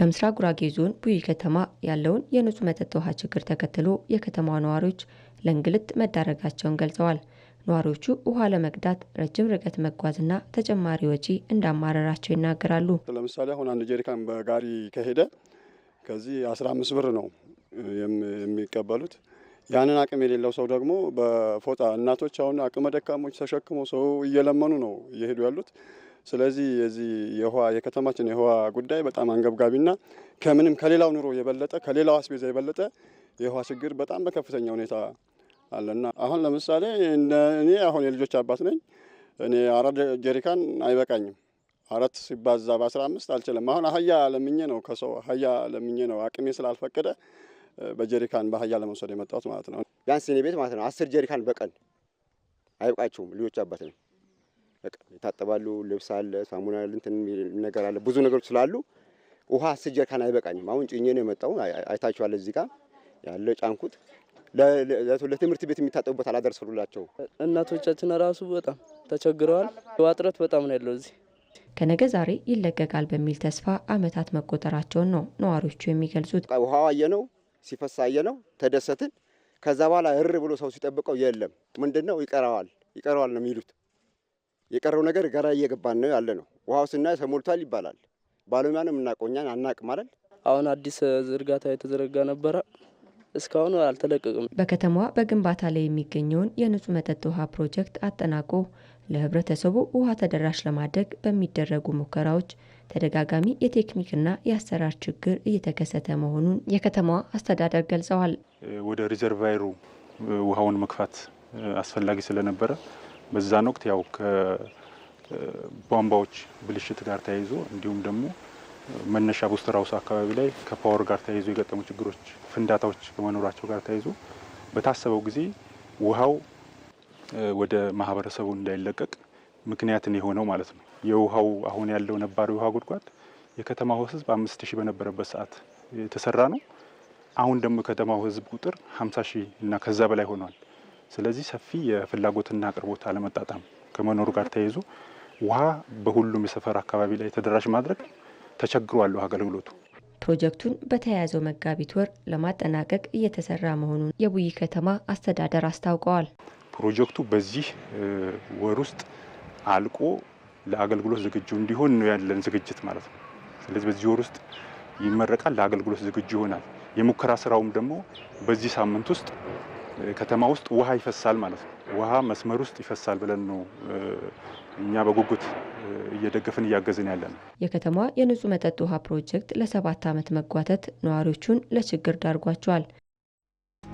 በምስራቅ ጉራጌ ዞን ቡይ ከተማ ያለውን የንጹህ መጠጥ ውሃ ችግር ተከትሎ የከተማዋ ነዋሪዎች ለእንግልት መዳረጋቸውን ገልጸዋል። ነዋሪዎቹ ውሃ ለመቅዳት ረጅም ርቀት መጓዝና ተጨማሪ ወጪ እንዳማረራቸው ይናገራሉ። ለምሳሌ አሁን አንድ ጀሪካን በጋሪ ከሄደ ከዚህ 15 ብር ነው የሚቀበሉት። ያንን አቅም የሌለው ሰው ደግሞ በፎጣ እናቶች አሁን አቅመ ደካሞች ተሸክሞ ሰው እየለመኑ ነው እየሄዱ ያሉት ስለዚህ የዚህ የውሃ የከተማችን የውሃ ጉዳይ በጣም አንገብጋቢና ከምንም ከሌላው ኑሮ የበለጠ ከሌላው አስቤዛ የበለጠ የውሃ ችግር በጣም በከፍተኛ ሁኔታ አለና አሁን ለምሳሌ እኔ አሁን የልጆች አባት ነኝ። እኔ አራት ጀሪካን አይበቃኝም። አራት ሲባዛ በአስራ አምስት አልችልም። አሁን አህያ ለምኜ ነው ከሰው አህያ ለምኜ ነው አቅሜ ስላልፈቀደ በጀሪካን በአህያ ለመውሰድ የመጣሁት ማለት ነው። ቢያንስ እኔ ቤት ማለት ነው አስር ጀሪካን በቀን አይበቃቸውም። ልጆች አባት ነኝ። ይታጠባሉ። ልብስ አለ፣ ሳሙና አለ፣ እንትን ነገር አለ፣ ብዙ ነገሮች ስላሉ ውሃ አስር ጀሪካን አይበቃኝም። አሁን ጭኜ ነው የመጣው። አይታችኋል፣ እዚህ ጋር ጫንኩት። ለትምህርት ቤት የሚታጠቡበት አላደርሰሉላቸው። እናቶቻችን ራሱ በጣም ተቸግረዋል። ውሃ እጥረት በጣም ነው ያለው እዚህ ከነገ ዛሬ ይለቀቃል በሚል ተስፋ አመታት መቆጠራቸውን ነው ነዋሪዎቹ የሚገልጹት። ውሃ አየ ሲፈሳ ተደሰትን። ከዛ በኋላ እር ብሎ ሰው ሲጠብቀው የለም ምንድን ነው ይቀረዋል ይቀረዋል ነው የሚሉት። የቀረው ነገር ገራ እየገባን ነው ያለ ነው። ውሃው ስናይ ተሞልቷል ይባላል። ባለሙያ ነው የምናውቀው፣ እኛን አናቅም አለን። አሁን አዲስ ዝርጋታ የተዘረጋ ነበረ እስካሁን አልተለቀቅም። በከተማዋ በግንባታ ላይ የሚገኘውን የንጹህ መጠጥ ውሃ ፕሮጀክት አጠናቆ ለህብረተሰቡ ውሃ ተደራሽ ለማድረግ በሚደረጉ ሙከራዎች ተደጋጋሚ የቴክኒክና የአሰራር ችግር እየተከሰተ መሆኑን የከተማዋ አስተዳደር ገልጸዋል። ወደ ሪዘርቫይሩ ውሃውን መክፋት አስፈላጊ ስለነበረ በዛን ወቅት ያው ከቧንቧዎች ብልሽት ጋር ተያይዞ እንዲሁም ደግሞ መነሻ ቡስተር ሀውስ አካባቢ ላይ ከፓወር ጋር ተያይዞ የገጠሙ ችግሮች ፍንዳታዎች ከመኖራቸው ጋር ተያይዞ በታሰበው ጊዜ ውሃው ወደ ማህበረሰቡ እንዳይለቀቅ ምክንያትን የሆነው ማለት ነው። የውሃው አሁን ያለው ነባሪ ውሃ ጉድጓድ የከተማው ህዝብ አምስት ሺህ በነበረበት ሰዓት የተሰራ ነው። አሁን ደግሞ የከተማው ህዝብ ቁጥር ሀምሳ ሺህ እና ከዛ በላይ ሆኗል። ስለዚህ ሰፊ የፍላጎትና አቅርቦት አለመጣጣም ከመኖሩ ጋር ተያይዞ ውሃ በሁሉም የሰፈር አካባቢ ላይ ተደራሽ ማድረግ ተቸግሯል አገልግሎቱ። ፕሮጀክቱን በተያያዘው መጋቢት ወር ለማጠናቀቅ እየተሰራ መሆኑን የቡይ ከተማ አስተዳደር አስታውቀዋል። ፕሮጀክቱ በዚህ ወር ውስጥ አልቆ ለአገልግሎት ዝግጁ እንዲሆን ነው ያለን ዝግጅት ማለት ነው። ስለዚህ በዚህ ወር ውስጥ ይመረቃል፣ ለአገልግሎት ዝግጁ ይሆናል። የሙከራ ስራውም ደግሞ በዚህ ሳምንት ውስጥ ከተማ ውስጥ ውሃ ይፈሳል ማለት ነው። ውሃ መስመር ውስጥ ይፈሳል ብለን ነው እኛ በጉጉት እየደገፍን እያገዝን ነው። የከተማ የንጹህ መጠጥ ውሃ ፕሮጀክት ለሰባት ዓመት መጓተት ነዋሪዎቹን ለችግር ዳርጓቸዋል።